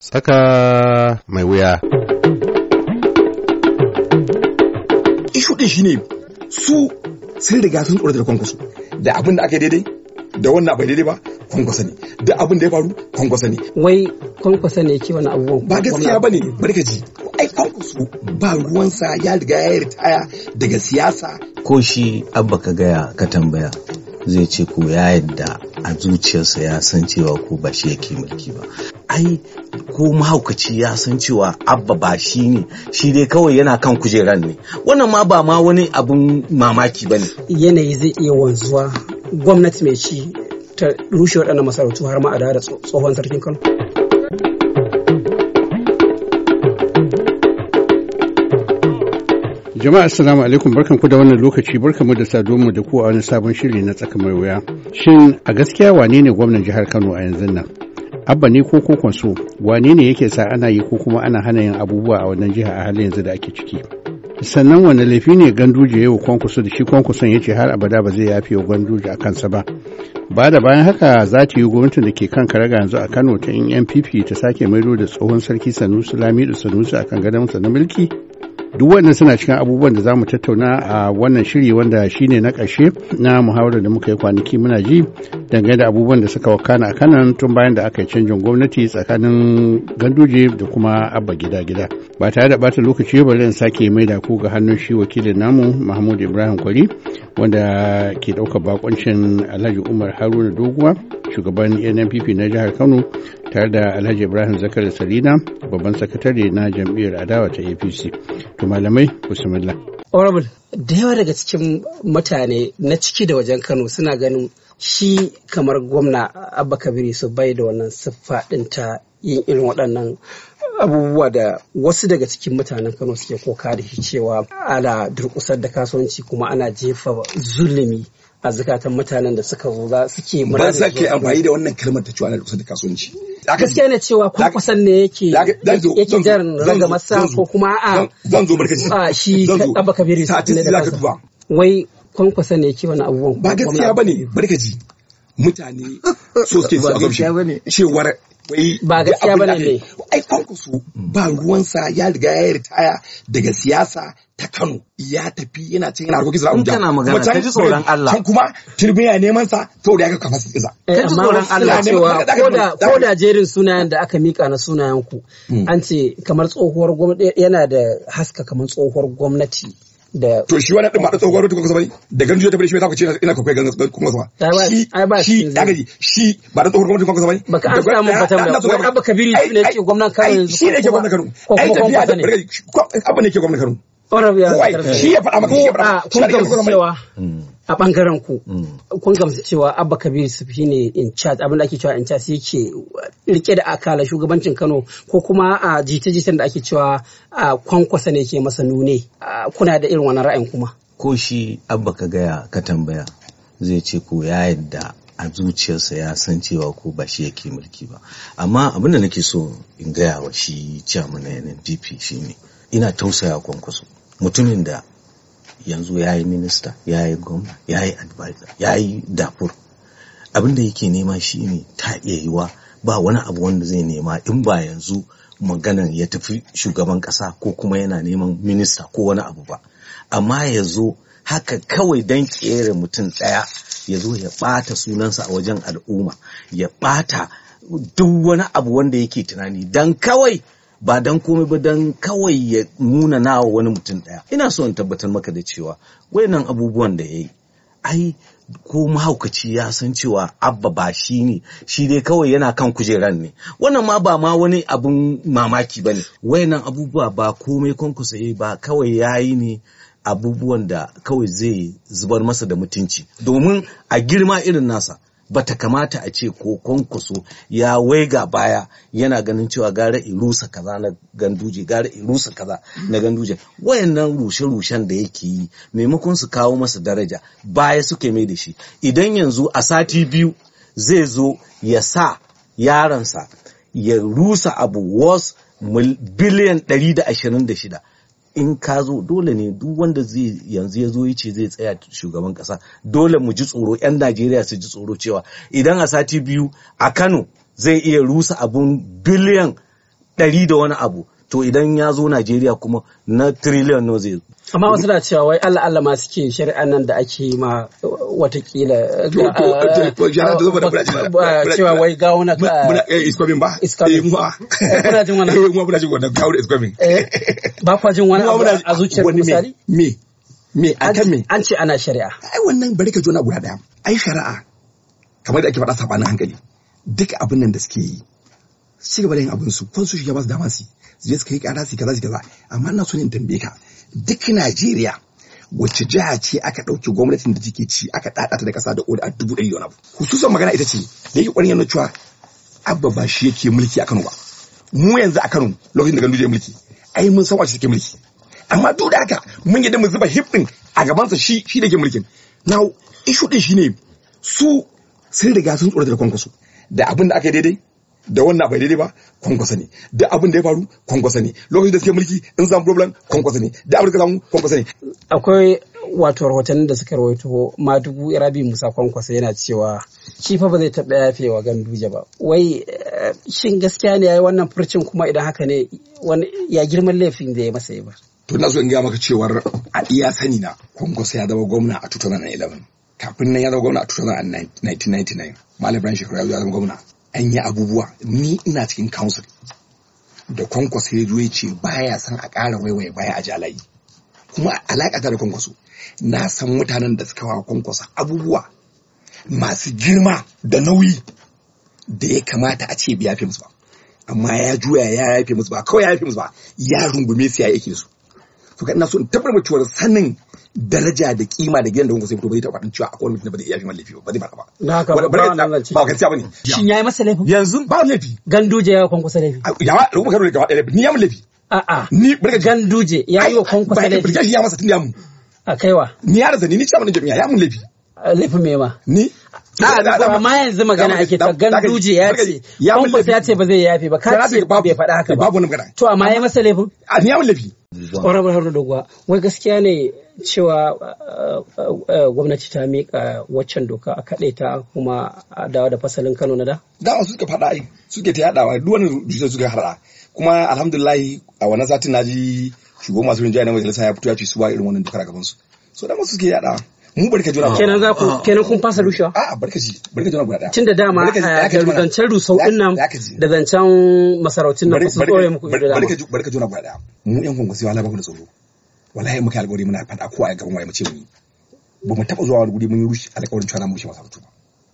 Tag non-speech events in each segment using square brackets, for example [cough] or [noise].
Tsaka mai wuya. Ishu ɗin shi ne su sun riga sun tsorata da kwankwaso da abin da aka daidai da wannan bai daidai ba kwankwasa ne da abin da ya faru kwankwasa ne. Wai kwankwasa ne ke wani abubuwan. Ba gaskiya ba ne barkaci. Ai kwankwaso ba ruwansa ya riga ya ritaya daga siyasa. Ko shi abba ka gaya ka tambaya zai ce ko ya yadda a zuciyarsa ya san cewa ko ba shi yake mulki ba ai ko mahaukaci ya san cewa abba ba shi ne shi dai kawai yana kan kujeran ne wannan ma ba ma wani abun mamaki ba ne yanayi zai iya wanzuwa gwamnati mai ci ta rushe waɗannan masarautu har ma a da tsohon sarkin kano Jama'a assalamu alaikum barkanku da wannan lokaci barkanmu da saduwa da ku a wani sabon shiri na tsaka mai wuya. Shin a gaskiya wane ne gwamnan jihar Kano a yanzu nan? Abba ne ko kokon so wane ne yake sa ana yi ko kuma ana hana yin abubuwa a wannan jiha a halin yanzu da ake ciki? Sannan wani laifi ne ganduje yau kwankwaso da shi kwankwason ya ce har abada ba zai yafi wa ganduje a kansa ba. ba da bayan haka za ta yi gwamnatin da ke kan karaga yanzu a kano ta yin npp ta sake maido da tsohon sarki sanusi lamidu sanusi a kan gadon na mulki duk wannan suna cikin abubuwan da za mu tattauna a wannan shiri wanda shine na ƙarshe na muhawarar da muka yi kwanaki muna ji dangane da abubuwan da suka wakana a kanan tun bayan da aka yi canjin gwamnati tsakanin ganduje da kuma abba gida gida ba tare da bata lokaci ba in sake mai da ku ga hannun shi wakilin namu mahmud ibrahim kwari wanda ke ɗaukar bakoncin alhaji umar haruna doguwa shugaban nnpp na jihar kano tare da alhaji ibrahim zakar salina babban sakatare na jam'iyyar adawa ta apc to malamai bismillah honorable da yawa daga cikin mutane na ciki da wajen kano suna ganin shi kamar gwamna abba kabiri su bai da wannan siffa ɗin ta yin irin waɗannan abubuwa da wasu daga cikin mutanen kano suke koka da shi cewa ana durƙusar da kasuwanci kuma ana jefa zulumi a zukatan mutanen da suka zo za suke murna. Ban sa ke amfani da wannan kalmar ta cewa na kusa da kasuwanci. Gaskiya ne cewa kun kusan ne yake yake jan masa ko kuma a zan zo barkaci a shi ɗaba kabiri. Sa'atin zaka duba. Wai kun kusan ne yake wani abubuwan. Ba gaskiya bane barkaci. mutane [laughs] so suke su assumption cewar ba gaskiya bane ne ai kwankwaso ba ruwansa ya riga ya ritaya daga siyasa ta Kano ya tafi yana cin yana harkokin sana'o'i kana magana ka ji tsoron Allah kan kuma turbi ya neman sa to da ya kafa su iza eh, ka ji tsoron Allah cewa koda koda jerin sunayen da aka mika na sunayen ku hmm. an ce kamar tsohuwar gwamnati yana da haska kamar tsohuwar gwamnati da to shi wani din da tsohuwar rota kuma bane da ganju ta bane shi za ku ce ina ku kai ganju kuma sa shi shi daga shi ba da tsohuwar rota kuma bane baka an samu fatan da wani abu kabiri ne ke Kano shi ne ke gwamnan Kano ai tafiya da abu ne ke Kano shi ya faɗa maka shi ya faɗa kun gamsu cewa a bangaren ku kun cewa Abba Kabir Sufi ne in charge abin da ake cewa in charge yake rike da akala shugabancin Kano ko kuma a jita-jitan da ake cewa kwankwasa ne ke masa nune kuna da irin wannan ra'ayin kuma ko shi Abba ka gaya ka tambaya zai ce ko ya yadda a zuciyarsa ya san cewa ko ba shi yake mulki ba amma abin da nake so in gaya wa shi chairman na shi shine ina tausaya kwankwaso mutumin da yanzu ya yi minista ya yi gwamna ya yi advisor ya yi dafur abinda yake nema shi ne ta iya yiwa ba wani abu wanda zai nema in ba yanzu maganan ya tafi shugaban ƙasa ko kuma yana neman minista ko wani abu ba amma ya zo haka kawai don kere mutum ɗaya ya zo ya ɓata sunansa a wajen al'umma ya ɓata duk wani abu wanda yake tunani don kawai ba dan komai ba dan kawai ya nuna nawa wani mutum ɗaya ina so in tabbatar maka da cewa wayannan abubuwan da ya yi. ai ko mahaukaci ya san cewa abba ba shi ne shi dai kawai yana kan kujeran ne wannan ma ba ma wani abun mamaki ba ne wayannan abubuwa ba komai kwankwasa ba kawai ya yi ne abubuwan da kawai zai zubar masa da mutunci domin a girma irin nasa bata kamata a ce ko kwankwaso ya waiga baya yana ganin cewa gara irusa kaza na ganduje gara irusa kaza na ganduje wayannan rushe-rushen da yake yi maimakon su kawo masa daraja baya suke mai da shi idan yanzu a sati biyu zai zo ya sa yaransa ya rusa abu was biliyan 126 in ka zo dole ne duk wanda zai yanzu ya zo ya ce zai tsaya shugaban kasa dole mu ji tsoro 'yan najeriya su ji tsoro cewa idan a sati biyu a kano zai iya rusa abun biliyan ɗari da wani abu to idan ya zo Najeriya kuma na trillion no zai amma wasu na cewa wai Allah Allah ma suke shari'an nan da ake ma watakila cewa wai gawuna ka eh, iskomin ba iskomin ba eh, kuna jin [laughs] wannan eh muna jin wannan [laughs] eh, gawuna iskomin ba kwa jin wani a zuciyar misali me me akan me an ce ana shari'a ai wannan bari ka jona guda daya ai shari'a kamar da ake faɗa sabanin hankali duk abin nan da suke yi su gaba da yin abin su ko su shiga ba su dama su su je su kai kara su kaza su kaza amma ina so ne in tambaye ka duk Najeriya wacce jiha ce aka ɗauki gwamnatin da take ci aka ta da ƙasa da ƙoli a dubu ɗari yana hususan magana ita ce da yake ƙwarin yana cewa abba ba shi yake mulki a Kano ba mu yanzu a Kano lokacin da Gandu ya mulki ai mun san wace take mulki amma duk da haka mun yi da mu zuba hip din a gabansa shi shi da ke mulkin now issue din shine su sun riga sun tsorata da kwankwaso da abin da aka yi daidai da wannan bai daidai ba kwankwasa ne da abin da ya faru kwankwasa ne lokacin da suke mulki in samu problem kwankwasa ne da abin da samu kwankwasa ne akwai wato rahotanni da suka rawaito madugu irabi musa kwankwasa yana cewa shi fa ba zai taɓa yafe wa ganduje ba wai eh, shin gaskiya ne yayi wannan furcin kuma idan haka ne ya girman laifin da ya masa yi ba to na so in gaya maka cewar a iya sani na kwankwasa ya zama gwamna a 2011 kafin nan ya zama gwamna a 2099 malam ibrahim shekaru ya zama gwamna an yi abubuwa ni ina cikin council da kwankwaso ya zo ya ce baya san a ƙara waiwaye baya a jalayi kuma alaƙa ta da kwankwaso na san mutanen da suka wa kwankwaso abubuwa masu girma da nauyi da ya kamata a ce biya fi musu ba amma ya juya ya yafe musu ba kawai ya yafe musu ba ya rungume su ya yake su ka ina so in tabbatar cewa sanin daraja da kima da gidan da wanda sai fito bai taba dan cewa akwai mutum da bai iya yin ba zai ba ba na ka ba bane shin yayi masa laifi yanzu ba laifi ganduje ya laifi yawa karo da ni ya ni barka ganduje ya yi laifi ba ya masa tun mu a kaiwa ni ya razani ni cewa mun jami'a ya laifi me ma ni amma yanzu magana ake ta ganduje ya ce ya ce ba zai yafi ba ka ce bai faɗa haka ba ya masa laifin a ni ya mun laifi honorable haruna doguwa wai gaskiya ne cewa eh, eh, gwamnati ta miƙa waccan doka a kaɗai ta kuma a dawa da fasalin kano na da dama suka faɗa ai suke ta yaɗawa duk wani jujjar suka haɗa kuma alhamdulilayi a wannan satin na ji shugaban masu rinjaya na majalisa ya fito ya ce su ba irin wannan dokar a gabansu so dama suke yaɗawa mu barka juna kenan za ku ah. kenan kun fasa rushewa a'a barka ji barka juna guda daya tunda dama eh, da zancen rusau din nan da zancen masarautun nan su tsore muku ido da barka barka juna guda daya mu yan kungu sai wala ba ku da tsoro wallahi muka alƙawari muna fada ko a gaban waye mu ce mu ba mu taba zuwa wani mun rushe alƙawarin cewa mu rushe masarautu ba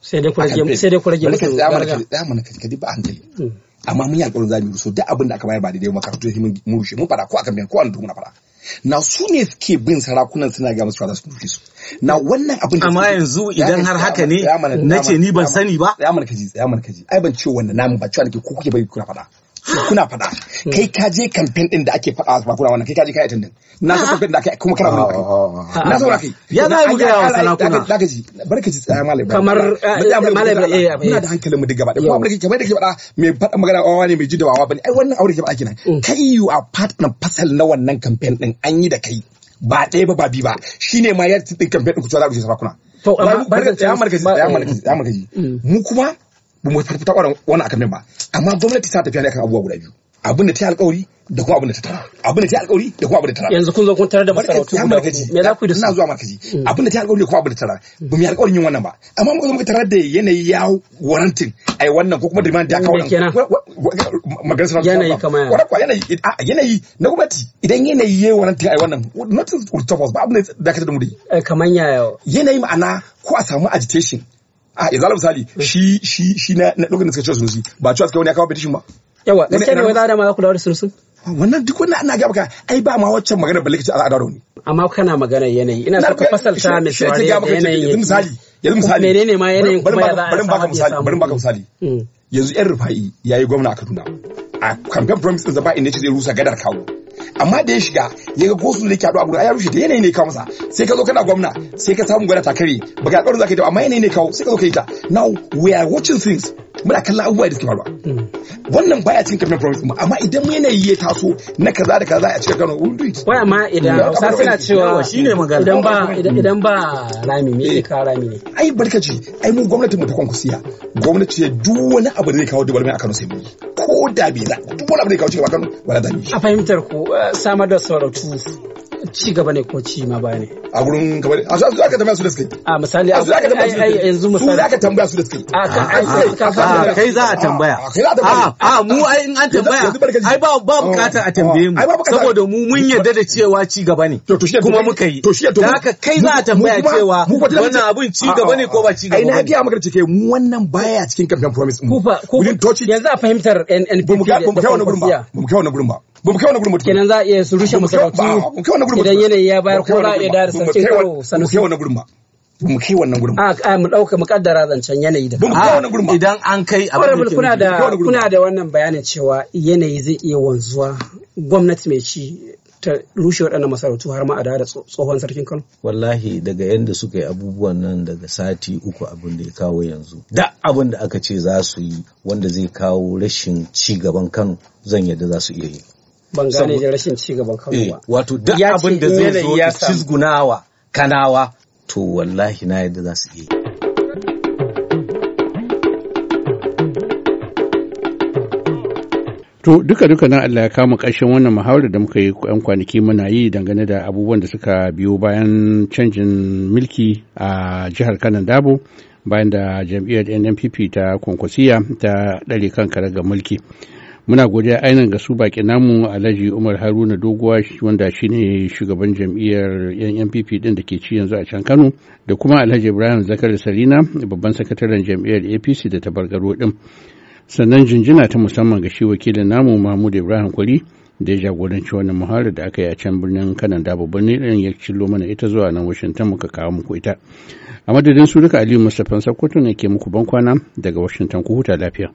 sai dai ku rage sai dai ku rage musu da mana kaji ba hankali hmm. amma mun yi alƙawarin za mu rushe duk abin da aka bayar ba daidai makarantu sai mun rushe mun fada ko akan biyan ko an dumuna fada na su ne suke bin sarakunan suna ga musu cewa su rushe su na wannan abin da amma yanzu idan har haka ne na ce ni ban sani ba ya mana kaji ya mana kaji ai ban ce wannan namu ba cewa nake ko kuke bari kuna faɗa kuna faɗa hmm. kai ka je kamfen din da ake faɗa ba kuna wannan kai ka je kai attendin na san campaign da ake kuma kana wannan kai ah, ah, na ah. saura kai ya za mu ga yawan sanakuna da ka barka ji tsaya malai kamar eh, malai eh muna da hankalin mu duk gaba barka ji kamar da ke faɗa mai faɗa magana wawa ne mai ji da wawa bane ai wannan aure ke faɗa kina hmm. kai you are part and parcel na wannan campaign din an yi da kai ba ɗaya ba ba bi ba shine ma ya tsin kamfe din kucewa za a rushe sarakuna to amma bar da ya malaka ya malaka ya malaka mu kuma ba mu fita kwaran wannan akan ba amma gwamnati ta tafiya ne akan abubuwa guda biyu abin da ta yi alkawari da kuma abin da ta tara abin da ta yi alkawari da kuma abin da ta tara yanzu kun zo kun tarar da masarautu guda hudu me za ku yi da su ina zuwa markaji mm. abin da ta yi alkawari da kuma abin da ta tara ba mu yi alkawarin yin wannan ba amma mu zo muka tarar da yanayi ya warantin ai wannan ko kuma demand ya kawo magana sana yanayi kamar yanayi a yanayi na gwamnati idan yanayi ya warantin ai wannan not to stop us ba abin da dakatar da mu dai eh, kamar yaya yanayi ma'ana ko a samu agitation a yanzu misali mm. shi shi shi na dokokin da suka ce su ba cewa suka wani ya kawo petition ba yawa gaskiya ne wai za a ma kula da sunsun? Ah, wannan duk wannan ana gaba ka ai ba ma waccan magana balle kace al'ada rauni amma kana magana yanayi ina so ka fasalta ne shi ga maka yanzu misali yanzu misali menene ma yanayin kuma ya za a bari baka misali bari baka misali mm. yanzu yan rufa'i yayi gwamna a Kaduna a campaign promise din zaba ne ce zai rusa gadar kawo amma da ya shiga ya ga gosu da ke haɗu a gurin ya rushe da yanayi ne kawo masa sai ka zo kana gwamna sai ka samu gwada takari. ba ga ɗaurin za ka yi amma yanayi ne kawo sai ka zo ka yi ta now we are watching things muna kallon abubuwa da suke faruwa wannan baya cikin campaign promise kuma amma idan mu yanayi ya taso na kaza da kaza a cikin Kano we'll do wai amma idan sa suna cewa shine magana idan ba idan ba rami me yake eh. kawo rami ne ai barkaci ai mu gwamnatin mu ta kwankwasiya gwamnati ya duk wani abu da zai kawo dubarmai a Kano sai mu ko da za duk wani abu da zai kawo cikin Kano wala da a fahimtar ku eh, samar da sauratu ci gaba ne ko ci ma baya ne a gurin ne a su aka tambaya su da suke a ah, misali a su aka tambaya su da yanzu misali aka tambaya su da suke ah, a ah, kai za a tambaya a mu ai in an tambaya ai ba ba bukatar a tambaye mu saboda mu mun yarda da cewa ci gaba ne kuma muka yi to shi Da haka kai za a tambaya cewa wannan abun ci gaba ne ko ba ci gaba ai na ga maka cike wannan baya cikin campaign promise mu ko yanzu a fahimtar NNP ba mu kai wannan gurin ba mu kai wannan gurin ba ba mu kai wani gurin mutum kenan za a iya su rushe masarautu idan yanayi ya bayar ko za a iya da sarkin karo sanusi ba mu kai gurin ba mu kai wannan gurin a ah, ah, mu dauka mu kaddara zancen yanayi da ah, idan an kai abin da kuna da kuna da wannan bayanin cewa yanayi zai iya wanzuwa gwamnati mai ci ta rushe waɗannan masarautu har ma a da tsohon sarkin Kano wallahi daga yanda suka yi abubuwan nan daga sati uku abin da ya kawo yanzu da abin da aka ce za su yi wanda zai kawo rashin ci gaban Kano zan yadda za su iya yi ban gane da rashin ci gaban Kano eh, wato duk abin da zai zo cizgunawa kanawa to wallahi na yadda za su yi To duka-duka na Allah ya kama ƙarshen wannan muhawarar da muka yi yan kwanaki muna yi dangane da abubuwan da suka biyo bayan canjin mulki a jihar Kano Dabo bayan da jam'iyyar NNPP ta konkosiya ta ɗare kan ga mulki. muna godiya ainihin ga su baki namu alhaji umar haruna doguwa wanda shine shugaban jam'iyyar yan npp din da ke ci yanzu a can kano da kuma alhaji ibrahim zakar sarina babban sakataren jam'iyyar apc da ta tabargaro din sannan jinjina ta musamman ga shi wakilin namu mahmud ibrahim kwari da ya jagoranci wannan muhalar da aka yi a can birnin kanan da babban nirin ya cillo mana ita zuwa nan washington muka kawo muku ita a madadin su duka aliyu mustapha sakkwato ne ke muku bankwana daga washington ku huta lafiya